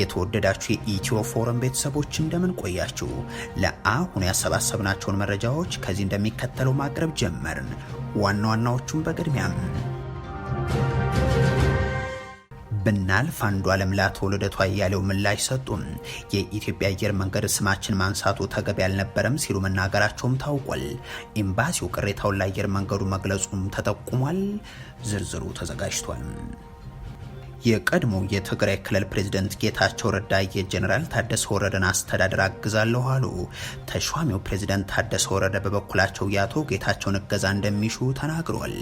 የተወደዳችሁ የኢትዮ ፎረም ቤተሰቦች እንደምን ቆያችሁ? ለአሁን ያሰባሰብናቸውን መረጃዎች ከዚህ እንደሚከተለው ማቅረብ ጀመርን። ዋና ዋናዎቹም በቅድሚያም ብናልፍ አንዱ አለም ለአቶ እያሌው ምላሽ ሰጡም። የኢትዮጵያ አየር መንገድ ስማችን ማንሳቱ ተገቢ አልነበረም ሲሉ መናገራቸውም ታውቋል። ኤምባሲው ቅሬታውን ለአየር መንገዱ መግለጹም ተጠቁሟል። ዝርዝሩ ተዘጋጅቷል። የቀድሞ የትግራይ ክልል ፕሬዝደንት ጌታቸው ረዳ የጀኔራል ታደሰ ወረደን አስተዳደር አግዛለሁ አሉ። ተሿሚው ፕሬዝደንት ታደሰ ወረደ በበኩላቸው የአቶ ጌታቸውን እገዛ እንደሚሹ ተናግሯል።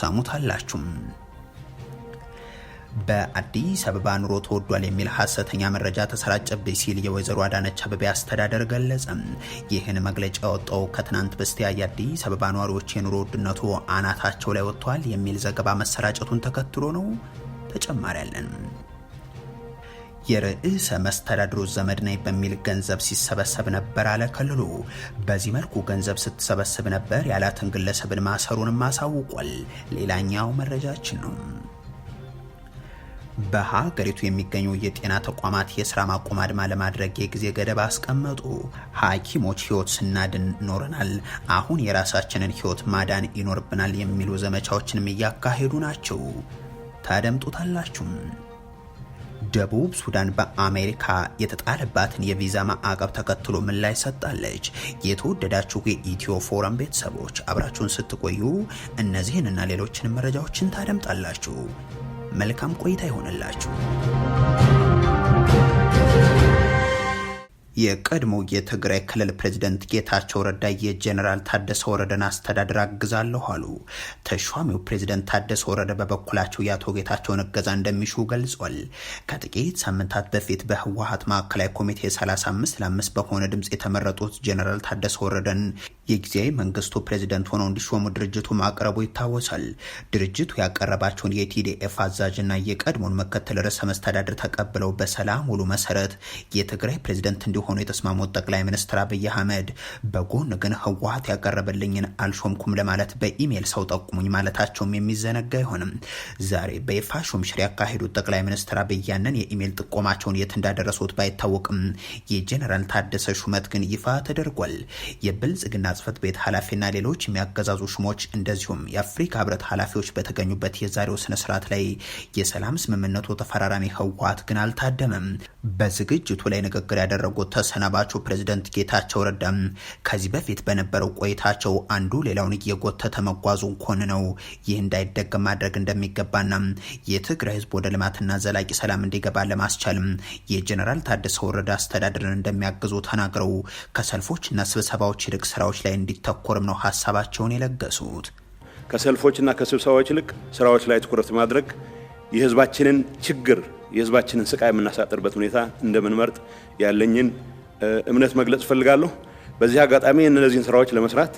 ሰሙታላችሁም። በአዲስ አበባ ኑሮ ተወዷል የሚል ሀሰተኛ መረጃ ተሰራጨብኝ ሲል የወይዘሮ አዳነች አበቤ አስተዳደር ገለጸም። ይህን መግለጫ ያወጣው ከትናንት በስቲያ የአዲስ አበባ ነዋሪዎች የኑሮ ውድነቱ አናታቸው ላይ ወጥቷል የሚል ዘገባ መሰራጨቱን ተከትሎ ነው። ተጨማሪ አለን። የርዕሰ መስተዳድሩ ዘመድ ነኝ በሚል ገንዘብ ሲሰበሰብ ነበር አለ ክልሉ። በዚህ መልኩ ገንዘብ ስትሰበስብ ነበር ያላትን ግለሰብን ማሰሩንም አሳውቋል። ሌላኛው መረጃችን ነው። በሀገሪቱ የሚገኙ የጤና ተቋማት የስራ ማቆም አድማ ለማድረግ የጊዜ ገደብ አስቀመጡ። ሐኪሞች ህይወት ስናድን ኖረናል፣ አሁን የራሳችንን ህይወት ማዳን ይኖርብናል የሚሉ ዘመቻዎችንም እያካሄዱ ናቸው። ታደምጡታላችሁ። ደቡብ ሱዳን በአሜሪካ የተጣለባትን የቪዛ ማዕቀብ ተከትሎ ምን ላይ ሰጣለች? የተወደዳችሁ የኢትዮ ፎረም ቤተሰቦች አብራችሁን ስትቆዩ እነዚህን እና ሌሎችንም መረጃዎችን ታደምጣላችሁ። መልካም ቆይታ ይሆንላችሁ። የቀድሞ የትግራይ ክልል ፕሬዚደንት ጌታቸው ረዳ የጀኔራል ታደሰ ወረደን አስተዳደር አግዛለሁ አሉ። ተሿሚው ፕሬዚደንት ታደሰ ወረደ በበኩላቸው የአቶ ጌታቸውን እገዛ እንደሚሹ ገልጿል። ከጥቂት ሳምንታት በፊት በህወሀት ማዕከላዊ ኮሚቴ 35 ለ5 በሆነ ድምፅ የተመረጡት ጀኔራል ታደሰ ወረደን የጊዜያዊ መንግስቱ ፕሬዚደንት ሆነው እንዲሾሙ ድርጅቱ ማቅረቡ ይታወሳል። ድርጅቱ ያቀረባቸውን የቲዲኤፍ አዛዥና የቀድሞን ምክትል ርዕሰ መስተዳድር ተቀብለው በሰላም ውሉ መሰረት የትግራይ ፕሬዚደንት እንዲሁ ሊሆኑ የተስማሙት ጠቅላይ ሚኒስትር አብይ አህመድ በጎን ግን ህወሀት ያቀረበልኝን አልሾምኩም ለማለት በኢሜይል ሰው ጠቁሙኝ ማለታቸውም የሚዘነጋ አይሆንም። ዛሬ በይፋ ሹምሽር ያካሄዱት ጠቅላይ ሚኒስትር አብይ ያንን የኢሜይል ጥቆማቸውን የት እንዳደረሱት ባይታወቅም የጄኔራል ታደሰ ሹመት ግን ይፋ ተደርጓል። የብልጽግና ጽህፈት ቤት ኃላፊና ሌሎች የሚያገዛዙ ሹሞች እንደዚሁም የአፍሪካ ህብረት ኃላፊዎች በተገኙበት የዛሬው ስነስርዓት ላይ የሰላም ስምምነቱ ተፈራራሚ ህወሀት ግን አልታደመም። በዝግጅቱ ላይ ንግግር ያደረጉት ተሰናባቹ ፕሬዝደንት ጌታቸው ረዳም ከዚህ በፊት በነበረው ቆይታቸው አንዱ ሌላውን እየጎተተ መጓዙን ነው ይህ እንዳይደገም ማድረግ እንደሚገባና የትግራይ ህዝብ ወደ ልማትና ዘላቂ ሰላም እንዲገባ ለማስቻልም የጀኔራል ታደሰ ወረደ አስተዳደርን እንደሚያግዙ ተናግረው ከሰልፎችና ስብሰባዎች ይልቅ ስራዎች ላይ እንዲተኮርም ነው ሀሳባቸውን የለገሱት። ከሰልፎችና ከስብሰባዎች ይልቅ ስራዎች ላይ ትኩረት ማድረግ የህዝባችንን ችግር የህዝባችንን ስቃይ የምናሳጥርበት ሁኔታ እንደምንመርጥ ያለኝን እምነት መግለጽ እፈልጋለሁ። በዚህ አጋጣሚ እነዚህን ስራዎች ለመስራት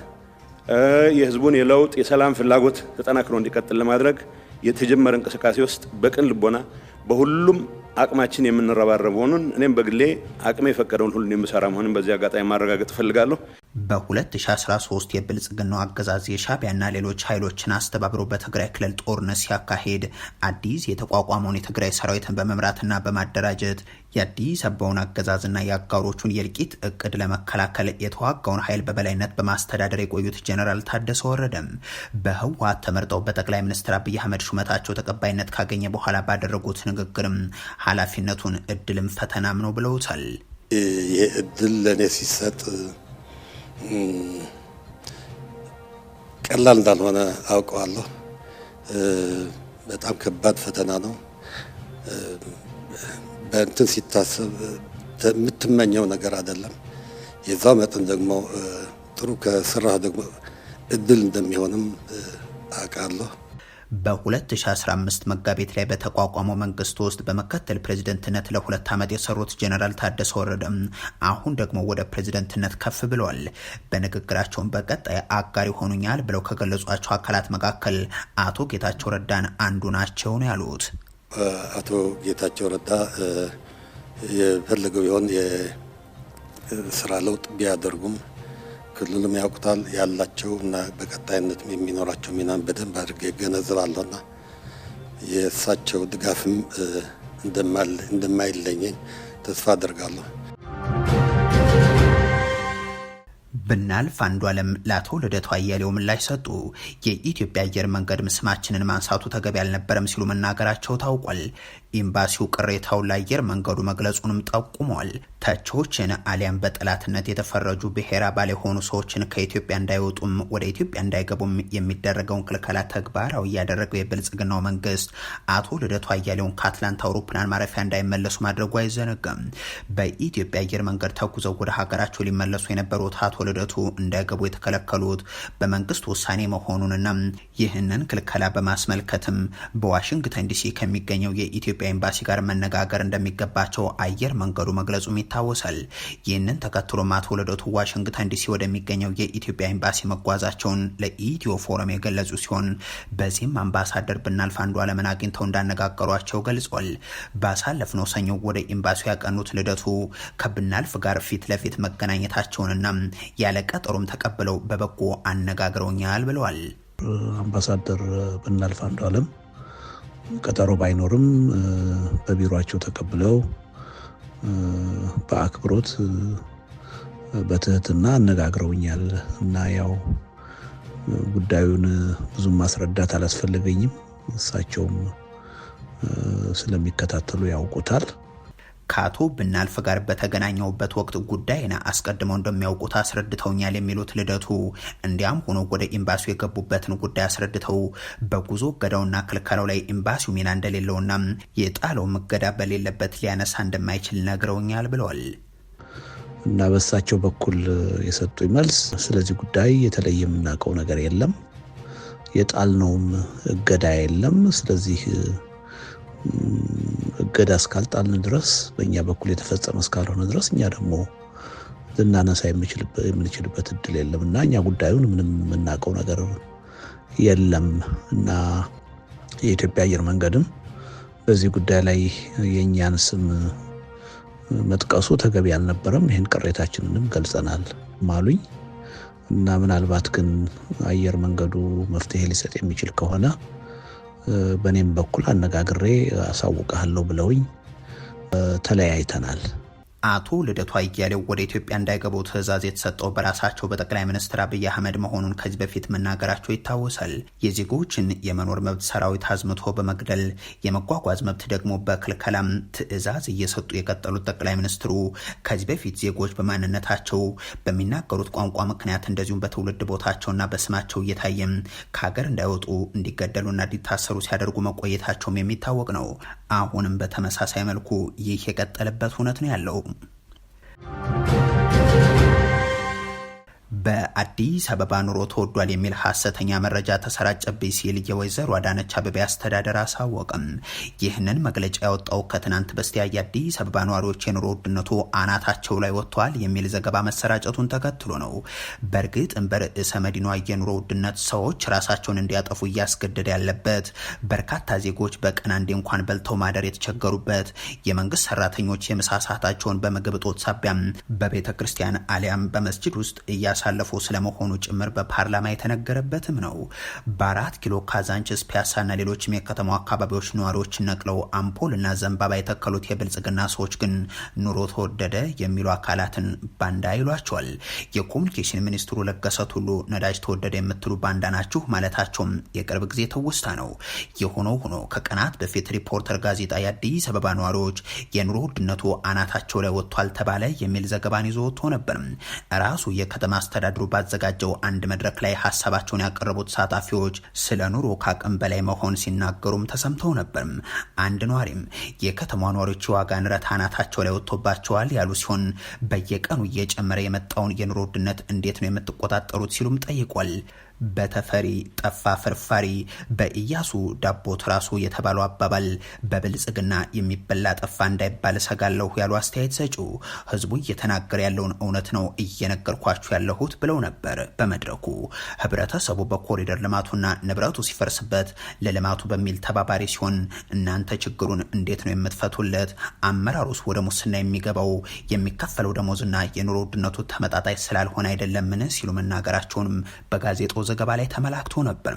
የህዝቡን የለውጥ የሰላም ፍላጎት ተጠናክሮ እንዲቀጥል ለማድረግ የተጀመረ እንቅስቃሴ ውስጥ በቅን ልቦና በሁሉም አቅማችን የምንረባረብ መሆኑን እኔም በግሌ አቅሜ የፈቀደውን ሁሉ የምሰራ መሆኑን በዚህ አጋጣሚ ማረጋገጥ እፈልጋለሁ። በ2013 የብልጽግናው አገዛዝ የሻቢያና ሌሎች ኃይሎችን አስተባብሮ በትግራይ ክልል ጦርነት ሲያካሄድ አዲስ የተቋቋመውን የትግራይ ሰራዊትን በመምራትና በማደራጀት የአዲስ አበባውን አገዛዝና የአጋሮቹን የእልቂት እቅድ ለመከላከል የተዋጋውን ኃይል በበላይነት በማስተዳደር የቆዩት ጀኔራል ታደሰ ወረደም በህወሓት ተመርጠው በጠቅላይ ሚኒስትር አብይ አህመድ ሹመታቸው ተቀባይነት ካገኘ በኋላ ባደረጉት ንግግርም ኃላፊነቱን እድልም ፈተናም ነው ብለውታል። ይህ እድል ለእኔ ሲሰጥ ቀላል እንዳልሆነ አውቀዋለሁ። በጣም ከባድ ፈተና ነው። በእንትን ሲታሰብ የምትመኘው ነገር አይደለም። የዛ መጠን ደግሞ ጥሩ ከስራህ ደግሞ እድል እንደሚሆንም አውቃለሁ። በ2015 መጋቢት ላይ በተቋቋመው መንግስት ውስጥ በመከተል ፕሬዝደንትነት ለሁለት ዓመት የሰሩት ጀኔራል ታደሰ ወረደ አሁን ደግሞ ወደ ፕሬዝደንትነት ከፍ ብለዋል። በንግግራቸውን በቀጣይ አጋር ይሆኑኛል ብለው ከገለጿቸው አካላት መካከል አቶ ጌታቸው ረዳን አንዱ ናቸው ነው ያሉት። አቶ ጌታቸው ረዳ የፈለገው ቢሆን የስራ ለውጥ ቢያደርጉም ክልሉም ያውቁታል ያላቸው እና በቀጣይነት የሚኖራቸው ሚናን በደንብ አድርገ እገነዘባለሁ እና የእሳቸው ድጋፍም እንደማይለኝኝ ተስፋ አደርጋለሁ። ብናልፍ አንዱ አለም ለአቶ ልደቱ አያሌው ምላሽ ሰጡ። የኢትዮጵያ አየር መንገድ ስማችንን ማንሳቱ ተገቢ አልነበረም ሲሉ መናገራቸው ታውቋል። ኤምባሲው ቅሬታውን ለአየር መንገዱ መግለጹንም ጠቁሟል። ተቾችን አሊያም በጠላትነት የተፈረጁ ብሔራ ባል የሆኑ ሰዎችን ከኢትዮጵያ እንዳይወጡም ወደ ኢትዮጵያ እንዳይገቡም የሚደረገውን ክልከላ ተግባራዊ ያደረገው የብልጽግናው መንግስት አቶ ልደቱ አያሌውን ከአትላንታ አውሮፕላን ማረፊያ እንዳይመለሱ ማድረጉ አይዘነጋም። በኢትዮጵያ አየር መንገድ ተጉዘው ወደ ሀገራቸው ሊመለሱ የነበሩት አቶ ሂደቱ እንዳይገቡ የተከለከሉት በመንግስት ውሳኔ መሆኑንና ይህንን ክልከላ በማስመልከትም በዋሽንግተን ዲሲ ከሚገኘው የኢትዮጵያ ኤምባሲ ጋር መነጋገር እንደሚገባቸው አየር መንገዱ መግለጹም ይታወሳል። ይህንን ተከትሎም አቶ ልደቱ ዋሽንግተን ዲሲ ወደሚገኘው የኢትዮጵያ ኤምባሲ መጓዛቸውን ለኢትዮ ፎረም የገለጹ ሲሆን በዚህም አምባሳደር ብናልፍ አንዱ አለምን አግኝተው እንዳነጋገሯቸው ገልጿል። ባሳለፍነው ሰኞ ወደ ኤምባሲው ያቀኑት ልደቱ ከብናልፍ ጋር ፊት ለፊት መገናኘታቸውንና ያለ ቀጠሮም ተቀብለው በበጎ አነጋግረውኛል ብለዋል። አምባሳደር ብናልፍ አንዱ አለም ቀጠሮ ባይኖርም በቢሮቸው ተቀብለው በአክብሮት በትህትና አነጋግረውኛል እና ያው ጉዳዩን ብዙም ማስረዳት አላስፈለገኝም። እሳቸውም ስለሚከታተሉ ያውቁታል። ከአቶ ብናልፍ ጋር በተገናኘውበት ወቅት ጉዳይን አስቀድመው እንደሚያውቁት አስረድተውኛል የሚሉት ልደቱ እንዲያም ሆኖ ወደ ኤምባሲው የገቡበትን ጉዳይ አስረድተው በጉዞ እገዳውና ክልከላው ላይ ኤምባሲው ሚና እንደሌለውና የጣለው እገዳ በሌለበት ሊያነሳ እንደማይችል ነግረውኛል ብለዋል። እና በሳቸው በኩል የሰጡኝ መልስ ስለዚህ ጉዳይ የተለየ የምናውቀው ነገር የለም፣ የጣልነውም እገዳ የለም። ስለዚህ እገዳ እስካልጣልን ድረስ በእኛ በኩል የተፈጸመ እስካልሆነ ድረስ እኛ ደግሞ ልናነሳ የምንችልበት እድል የለም እና እኛ ጉዳዩን ምንም የምናውቀው ነገር የለም እና የኢትዮጵያ አየር መንገድም በዚህ ጉዳይ ላይ የእኛን ስም መጥቀሱ ተገቢ አልነበረም። ይህን ቅሬታችንንም ገልጸናል ማሉኝ እና ምናልባት ግን አየር መንገዱ መፍትሄ ሊሰጥ የሚችል ከሆነ በእኔም በኩል አነጋግሬ አሳውቀሃለሁ ብለውኝ ተለያይተናል። አቶ ልደቱ አያሌው ወደ ኢትዮጵያ እንዳይገቡ ትዕዛዝ የተሰጠው በራሳቸው በጠቅላይ ሚኒስትር አብይ አህመድ መሆኑን ከዚህ በፊት መናገራቸው ይታወሳል። የዜጎችን የመኖር መብት ሰራዊት አዝምቶ በመግደል የመጓጓዝ መብት ደግሞ በክልከላም ትዕዛዝ እየሰጡ የቀጠሉት ጠቅላይ ሚኒስትሩ ከዚህ በፊት ዜጎች በማንነታቸው በሚናገሩት ቋንቋ ምክንያት እንደዚሁም በትውልድ ቦታቸውና በስማቸው እየታየም ከሀገር እንዳይወጡ እንዲገደሉና እንዲታሰሩ ሲያደርጉ መቆየታቸውም የሚታወቅ ነው። አሁንም በተመሳሳይ መልኩ ይህ የቀጠለበት እውነት ነው ያለው። በአዲስ አበባ ኑሮ ተወዷል የሚል ሀሰተኛ መረጃ ተሰራጨብኝ ሲል የወይዘሮ አዳነች አበቤ አስተዳደር አሳወቅም። ይህንን መግለጫ ያወጣው ከትናንት በስቲያ የአዲስ አበባ ነዋሪዎች የኑሮ ውድነቱ አናታቸው ላይ ወጥቷል የሚል ዘገባ መሰራጨቱን ተከትሎ ነው። በእርግጥም በርዕሰ መዲኗ የኑሮ ውድነት ሰዎች ራሳቸውን እንዲያጠፉ እያስገደደ ያለበት፣ በርካታ ዜጎች በቀን አንዴ እንኳን በልተው ማደር የተቸገሩበት፣ የመንግስት ሰራተኞች የምሳ ሰዓታቸውን በምግብ እጦት ሳቢያም በቤተ ክርስቲያን አሊያም በመስጅድ ውስጥ እያሳ እያሳለፉ ስለመሆኑ ጭምር በፓርላማ የተነገረበትም ነው። በአራት ኪሎ ካዛንችስ፣ ፒያሳና ሌሎችም የከተማው አካባቢዎች ነዋሪዎች ነቅለው አምፖልና ዘንባባ የተከሉት የብልጽግና ሰዎች ግን ኑሮ ተወደደ የሚሉ አካላትን ባንዳ ይሏቸዋል። የኮሚኒኬሽን ሚኒስትሩ ለገሰ ቱሉ ነዳጅ ተወደደ የምትሉ ባንዳ ናችሁ ማለታቸውም የቅርብ ጊዜ ትውስታ ነው። የሆነው ሆኖ ከቀናት በፊት ሪፖርተር ጋዜጣ የአዲስ አበባ ነዋሪዎች የኑሮ ውድነቱ አናታቸው ላይ ወጥቷል ተባለ የሚል ዘገባን ይዞ ወጥቶ ነበር። ራሱ የከተማ አስተዳድሩ ባዘጋጀው አንድ መድረክ ላይ ሀሳባቸውን ያቀረቡት ተሳታፊዎች ስለ ኑሮ ካቅም በላይ መሆን ሲናገሩም ተሰምተው ነበርም። አንድ ነዋሪም የከተማ ነዋሪዎች የዋጋ ንረት አናታቸው ላይ ወጥቶባቸዋል ያሉ ሲሆን በየቀኑ እየጨመረ የመጣውን የኑሮ ውድነት እንዴት ነው የምትቆጣጠሩት ሲሉም ጠይቋል። በተፈሪ ጠፋ ፍርፋሪ በኢያሱ ዳቦ ትራሱ የተባለው አባባል በብልጽግና የሚበላ ጠፋ እንዳይባል ሰጋለሁ ያሉ አስተያየት ሰጪው ህዝቡ እየተናገረ ያለውን እውነት ነው እየነገርኳችሁ ያለሁት ብለው ነበር። በመድረኩ ህብረተሰቡ በኮሪደር ልማቱና ንብረቱ ሲፈርስበት ለልማቱ በሚል ተባባሪ ሲሆን እናንተ ችግሩን እንዴት ነው የምትፈቱለት? አመራሩስ ወደ ሙስና የሚገባው የሚከፈለው ደሞዝና የኑሮ ውድነቱ ተመጣጣይ ስላልሆነ አይደለምን? ሲሉ መናገራቸውንም በጋዜጦ ዘገባ ላይ ተመላክቶ ነበር።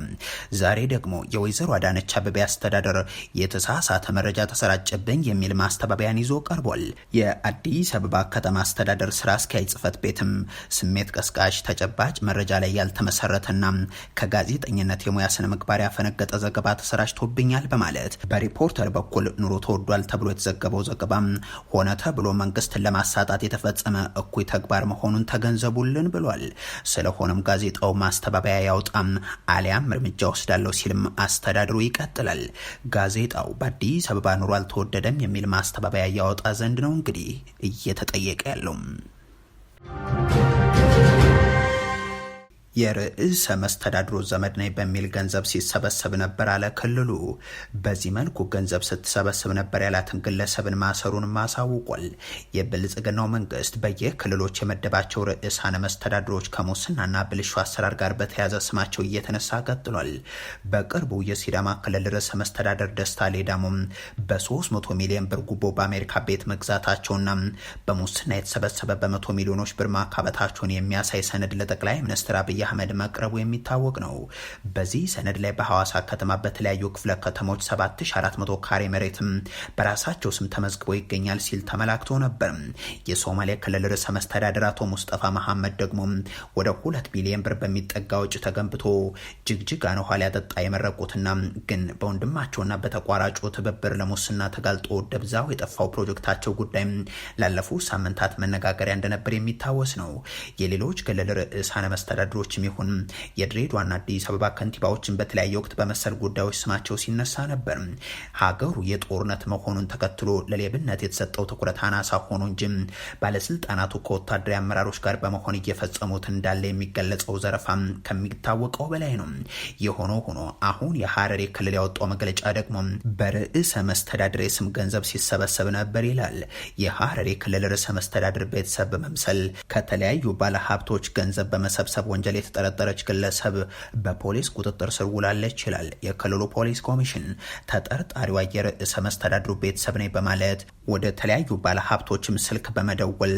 ዛሬ ደግሞ የወይዘሮ አዳነች አበቤ አስተዳደር የተሳሳተ መረጃ ተሰራጨብኝ የሚል ማስተባበያን ይዞ ቀርቧል። የአዲስ አበባ ከተማ አስተዳደር ስራ አስኪያጅ ጽህፈት ቤትም ስሜት ቀስቃሽ ተጨባጭ መረጃ ላይ ያልተመሰረተና ከጋዜጠኝነት የሙያ ስነ ምግባር ያፈነገጠ ዘገባ ተሰራጭቶብኛል በማለት በሪፖርተር በኩል ኑሮ ተወዷል ተብሎ የተዘገበው ዘገባ ሆነ ተብሎ መንግስትን ለማሳጣት የተፈጸመ እኩይ ተግባር መሆኑን ተገንዘቡልን ብሏል። ስለሆነም ጋዜጣው ማስተባበያ ያውጣም አሊያም እርምጃ ወስዳለሁ ሲልም አስተዳድሩ ይቀጥላል። ጋዜጣው በአዲስ አበባ ኑሮ አልተወደደም የሚል ማስተባበያ ያወጣ ዘንድ ነው እንግዲህ እየተጠየቀ ያለው። የርዕሰ መስተዳድሮ ዘመድ ነኝ በሚል ገንዘብ ሲሰበሰብ ነበር አለ ክልሉ። በዚህ መልኩ ገንዘብ ስትሰበስብ ነበር ያላትን ግለሰብን ማሰሩን ማሳውቋል። የብልጽግናው መንግስት በየክልሎች የመደባቸው ርዕሳነ መስተዳድሮች ከሙስናና ብልሹ አሰራር ጋር በተያያዘ ስማቸው እየተነሳ ቀጥሏል። በቅርቡ የሲዳማ ክልል ርዕሰ መስተዳደር ደስታ ሌዳሞም በ300 ሚሊዮን ብር ጉቦ በአሜሪካ ቤት መግዛታቸውና በሙስና የተሰበሰበ በመቶ ሚሊዮኖች ብር ማካበታቸውን የሚያሳይ ሰነድ ለጠቅላይ ሚኒስትር አብይ አህመድ መቅረቡ የሚታወቅ ነው። በዚህ ሰነድ ላይ በሐዋሳ ከተማ በተለያዩ ክፍለ ከተሞች 7400 ካሬ መሬትም በራሳቸው ስም ተመዝግቦ ይገኛል ሲል ተመላክቶ ነበር። የሶማሌ ክልል ርዕሰ መስተዳደር አቶ ሙስጠፋ መሐመድ ደግሞ ወደ ሁለት ቢሊዮን ብር በሚጠጋ ውጭ ተገንብቶ ጅግጅጋ ነው ኋላ ያጠጣ የመረቁትና ግን በወንድማቸውና በተቋራጩ ትብብር ለሙስና ተጋልጦ ደብዛው የጠፋው ፕሮጀክታቸው ጉዳይ ላለፉ ሳምንታት መነጋገሪያ እንደነበር የሚታወስ ነው። የሌሎች ክልል ርዕሳነ መስተዳድሮች ፓርቲዎችም ይሁን የድሬዳዋና አዲስ አበባ ከንቲባዎችን በተለያየ ወቅት በመሰል ጉዳዮች ስማቸው ሲነሳ ነበር። ሀገሩ የጦርነት መሆኑን ተከትሎ ለሌብነት የተሰጠው ትኩረት አናሳ ሆኖ እንጂ ባለስልጣናቱ ከወታደራዊ አመራሮች ጋር በመሆን እየፈጸሙት እንዳለ የሚገለጸው ዘረፋ ከሚታወቀው በላይ ነው። የሆነ ሆኖ አሁን የሀረሪ ክልል ያወጣው መግለጫ ደግሞ በርዕሰ መስተዳድር የስም ገንዘብ ሲሰበሰብ ነበር ይላል። የሀረሪ ክልል ርዕሰ መስተዳድር ቤተሰብ በመምሰል ከተለያዩ ባለሀብቶች ገንዘብ በመሰብሰብ ወንጀል የተጠረጠረች ግለሰብ በፖሊስ ቁጥጥር ስር ውላለች ይላል የክልሉ ፖሊስ ኮሚሽን። ተጠርጣሪዋ የርዕሰ መስተዳድሩ ቤተሰብ ነኝ በማለት ወደ ተለያዩ ባለሀብቶችም ስልክ በመደወል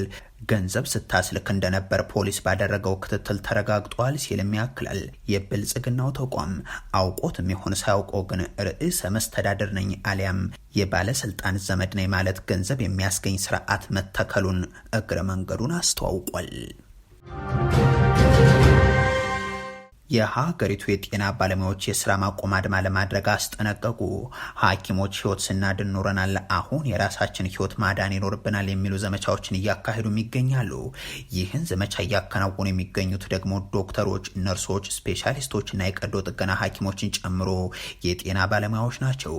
ገንዘብ ስታስልክ እንደነበር ፖሊስ ባደረገው ክትትል ተረጋግጧል ሲልም ያክላል። የብልጽግናው ተቋም አውቆት የሚሆን ሳያውቀው ግን ርዕሰ መስተዳድር ነኝ አሊያም የባለስልጣን ዘመድ ነኝ ማለት ገንዘብ የሚያስገኝ ስርዓት መተከሉን እግረ መንገዱን አስተዋውቋል። የሀገሪቱ የጤና ባለሙያዎች የስራ ማቆም አድማ ለማድረግ አስጠነቀቁ። ሐኪሞች ህይወት ስናድን ኖረናል፣ አሁን የራሳችን ህይወት ማዳን ይኖርብናል የሚሉ ዘመቻዎችን እያካሄዱም ይገኛሉ። ይህን ዘመቻ እያከናወኑ የሚገኙት ደግሞ ዶክተሮች፣ ነርሶች፣ እና የቀዶ ጥገና ሐኪሞችን ጨምሮ የጤና ባለሙያዎች ናቸው።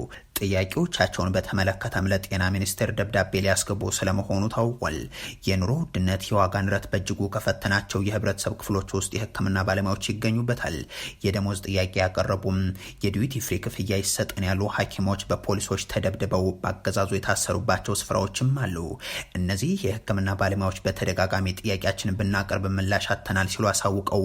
ጥያቄዎቻቸውን በተመለከተም ለጤና ሚኒስቴር ደብዳቤ ሊያስገቡ ስለመሆኑ ታውቋል። የኑሮ ውድነት፣ የዋጋ ንረት በእጅጉ ከፈተናቸው የህብረተሰብ ክፍሎች ውስጥ የህክምና ባለሙያዎች ይገኙበታል። ይገኙበታል። የደሞዝ ጥያቄ ያቀረቡም የዲዩቲ ፍሪ ክፍያ ይሰጠን ያሉ ሐኪሞች በፖሊሶች ተደብድበው በአገዛዙ የታሰሩባቸው ስፍራዎችም አሉ። እነዚህ የህክምና ባለሙያዎች በተደጋጋሚ ጥያቄያችንን ብናቀርብ ምላሽ አተናል ሲሉ አሳውቀው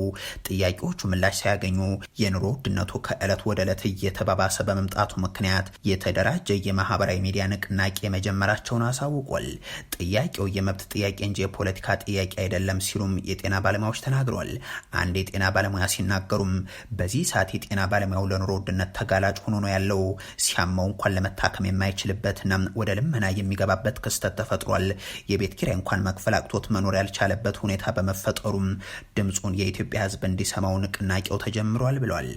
ጥያቄዎቹ ምላሽ ሳያገኙ የኑሮ ውድነቱ ከዕለት ወደ ዕለት እየተባባሰ በመምጣቱ ምክንያት የተደራጀ የማህበራዊ ሚዲያ ንቅናቄ መጀመራቸውን አሳውቋል። ጥያቄው የመብት ጥያቄ እንጂ የፖለቲካ ጥያቄ አይደለም ሲሉም የጤና ባለሙያዎች ተናግሯል። አንድ የጤና ባለሙያ ሲናገሩ አልተናገሩም። በዚህ ሰዓት የጤና ባለሙያው ለኑሮ ውድነት ተጋላጭ ሆኖ ነው ያለው። ሲያመው እንኳን ለመታከም የማይችልበትና ወደ ልመና የሚገባበት ክስተት ተፈጥሯል። የቤት ኪራይ እንኳን መክፈል አቅቶት መኖር ያልቻለበት ሁኔታ በመፈጠሩም ድምፁን የኢትዮጵያ ሕዝብ እንዲሰማው ንቅናቄው ተጀምሯል ብሏል።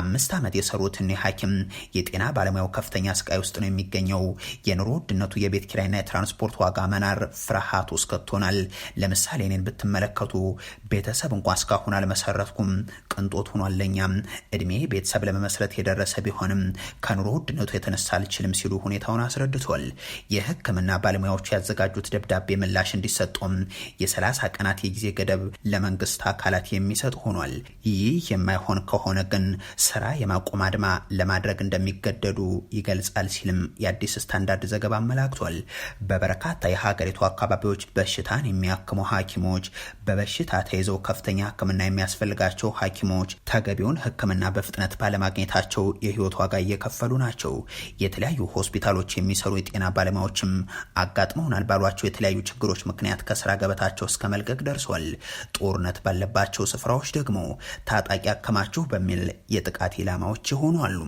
አምስት ዓመት የሰሩት እኒህ ሐኪም የጤና ባለሙያው ከፍተኛ ስቃይ ውስጥ ነው የሚገኘው። የኑሮ ውድነቱ የቤት ኪራይና የትራንስፖርት ዋጋ መናር ፍርሃት ውስጥ ከቶናል። ለምሳሌ እኔን ብትመለከቱ ቤተሰብ እንኳ እስካሁን አልመሰረትኩም፣ ቅን ቅንጦት ሆኗል ለኛም። እድሜ ቤተሰብ ለመመስረት የደረሰ ቢሆንም ከኑሮ ውድነቱ የተነሳ አልችልም ሲሉ ሁኔታውን አስረድቷል። የህክምና ባለሙያዎቹ ያዘጋጁት ደብዳቤ ምላሽ እንዲሰጡም የሰላሳ ቀናት የጊዜ ገደብ ለመንግስት አካላት የሚሰጥ ሆኗል። ይህ የማይሆን ከሆነ ግን ስራ የማቆም አድማ ለማድረግ እንደሚገደዱ ይገልጻል ሲልም የአዲስ ስታንዳርድ ዘገባ አመላክቷል። በበርካታ የሀገሪቱ አካባቢዎች በሽታን የሚያክሙ ሐኪሞች በበሽታ ተይዘው ከፍተኛ ህክምና የሚያስፈልጋቸው ሐኪሞች ህመምተኞች ተገቢውን ሕክምና በፍጥነት ባለማግኘታቸው የህይወት ዋጋ እየከፈሉ ናቸው። የተለያዩ ሆስፒታሎች የሚሰሩ የጤና ባለሙያዎችም አጋጥመውናል ባሏቸው የተለያዩ ችግሮች ምክንያት ከስራ ገበታቸው እስከ መልቀቅ ደርሷል። ጦርነት ባለባቸው ስፍራዎች ደግሞ ታጣቂ አከማችሁ በሚል የጥቃት ኢላማዎች ይሆኑ አሉ።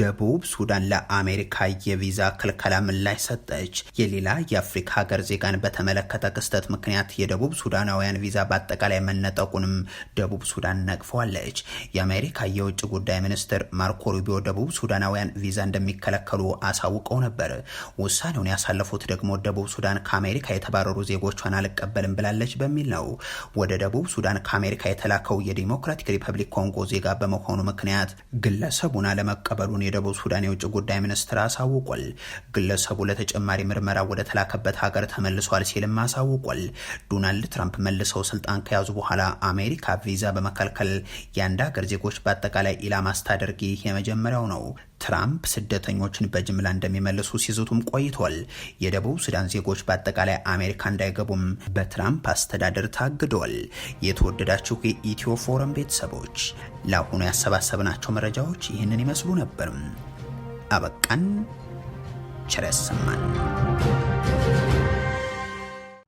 ደቡብ ሱዳን ለአሜሪካ የቪዛ ክልከላ ምላሽ ሰጠች። የሌላ የአፍሪካ ሀገር ዜጋን በተመለከተ ክስተት ምክንያት የደቡብ ሱዳናውያን ቪዛ በአጠቃላይ መነጠቁንም ደቡብ ሱዳን ነቅፈዋለች። የአሜሪካ የውጭ ጉዳይ ሚኒስትር ማርኮ ሩቢዮ ደቡብ ሱዳናውያን ቪዛ እንደሚከለከሉ አሳውቀው ነበር። ውሳኔውን ያሳለፉት ደግሞ ደቡብ ሱዳን ከአሜሪካ የተባረሩ ዜጎቿን አልቀበልም ብላለች በሚል ነው። ወደ ደቡብ ሱዳን ከአሜሪካ የተላከው የዲሞክራቲክ ሪፐብሊክ ኮንጎ ዜጋ በመሆኑ ምክንያት ግለሰቡን አለመቀበሉ መቀበሉን የደቡብ ሱዳን የውጭ ጉዳይ ሚኒስትር አሳውቋል። ግለሰቡ ለተጨማሪ ምርመራ ወደ ተላከበት ሀገር ተመልሷል ሲልም አሳውቋል። ዶናልድ ትራምፕ መልሰው ስልጣን ከያዙ በኋላ አሜሪካ ቪዛ በመከልከል የአንድ ሀገር ዜጎች በአጠቃላይ ኢላማ ስታደርግ ይህ የመጀመሪያው ነው። ትራምፕ ስደተኞችን በጅምላ እንደሚመልሱ ሲዝቱም ቆይቷል። የደቡብ ሱዳን ዜጎች በአጠቃላይ አሜሪካ እንዳይገቡም በትራምፕ አስተዳደር ታግደዋል። የተወደዳችሁ የኢትዮ ፎረም ቤተሰቦች ለአሁኑ ያሰባሰብናቸው መረጃዎች ይህንን ይመስሉ ነበርም። አበቃን። ቸር ያሰማን።